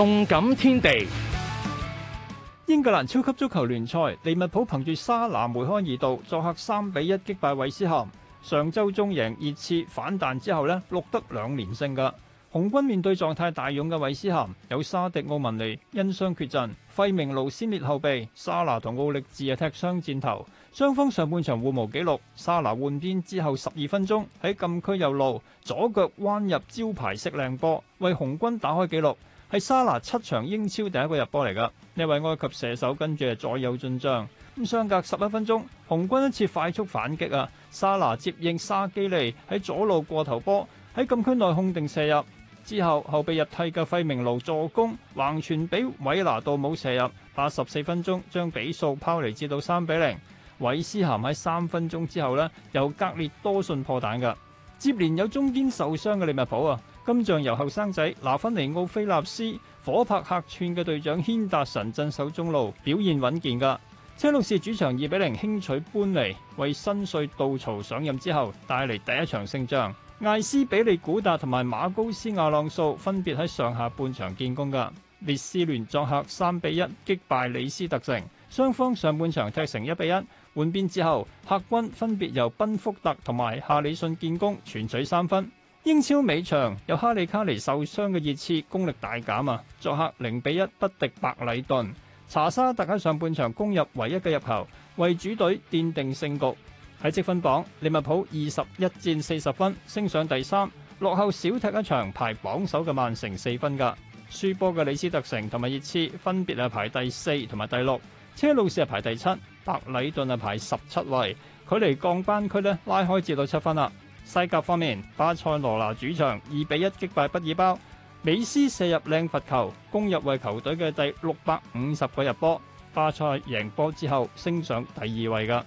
動感天地，英格蘭超級足球聯賽，利物浦憑住沙拿梅開二度，作客三比一擊敗韋斯咸。上周中贏熱刺反彈之後咧，錄得兩連勝噶。紅軍面對狀態大勇嘅韋斯咸，有沙迪奧文尼因傷缺陣，費明奴先列後備，沙拿同奧力智係踢雙箭頭。雙方上半場互無紀錄，沙拿換邊之後十二分鐘喺禁區右路左腳彎入招牌式靚波，為紅軍打開紀錄。係沙拿七場英超第一個入波嚟㗎，呢位埃及射手跟住係左右進帳。咁相隔十一分鐘，紅軍一次快速反擊啊！沙拿接應沙基利喺左路過頭波，喺禁區內控定射入。之後後備入替嘅費明奴助攻橫傳俾韋拿杜姆射入，八十四分鐘將比數拋離至到三比零。韋斯咸喺三分鐘之後呢，由格列多信破蛋㗎，接連有中堅受傷嘅利物浦啊！今仗由後生仔拿芬尼奧菲納斯，火拍客串嘅隊長軒達臣鎮守中路，表現穩健噶。車路士主場二比零輕取班尼，為新帥杜曹上任之後帶嚟第一場勝仗。艾斯比利古達同埋馬高斯亞朗素分別喺上下半場建功噶。列斯聯作客三比一擊敗李斯特城，雙方上半場踢成一比一，換邊之後，客軍分別由賓福特同埋夏里遜建功，全取三分。英超尾場，由哈利卡尼受傷嘅熱刺功力大減啊，作客零比一不敵白禮頓。查沙特喺上半場攻入唯一嘅入球，為主隊奠定勝局。喺積分榜，利物浦二十一戰四十分，升上第三，落後少踢一場排榜首嘅曼城四分噶。輸波嘅李斯特城同埋熱刺分別係排第四同埋第六，車路士係排第七，白禮頓係排十七位，距離降班區呢，拉開至到七分啦。西甲方面，巴塞羅那主場二比一擊敗畢爾包，美斯射入靚罰球，攻入為球隊嘅第六百五十個入波。巴塞贏波之後，升上第二位噶。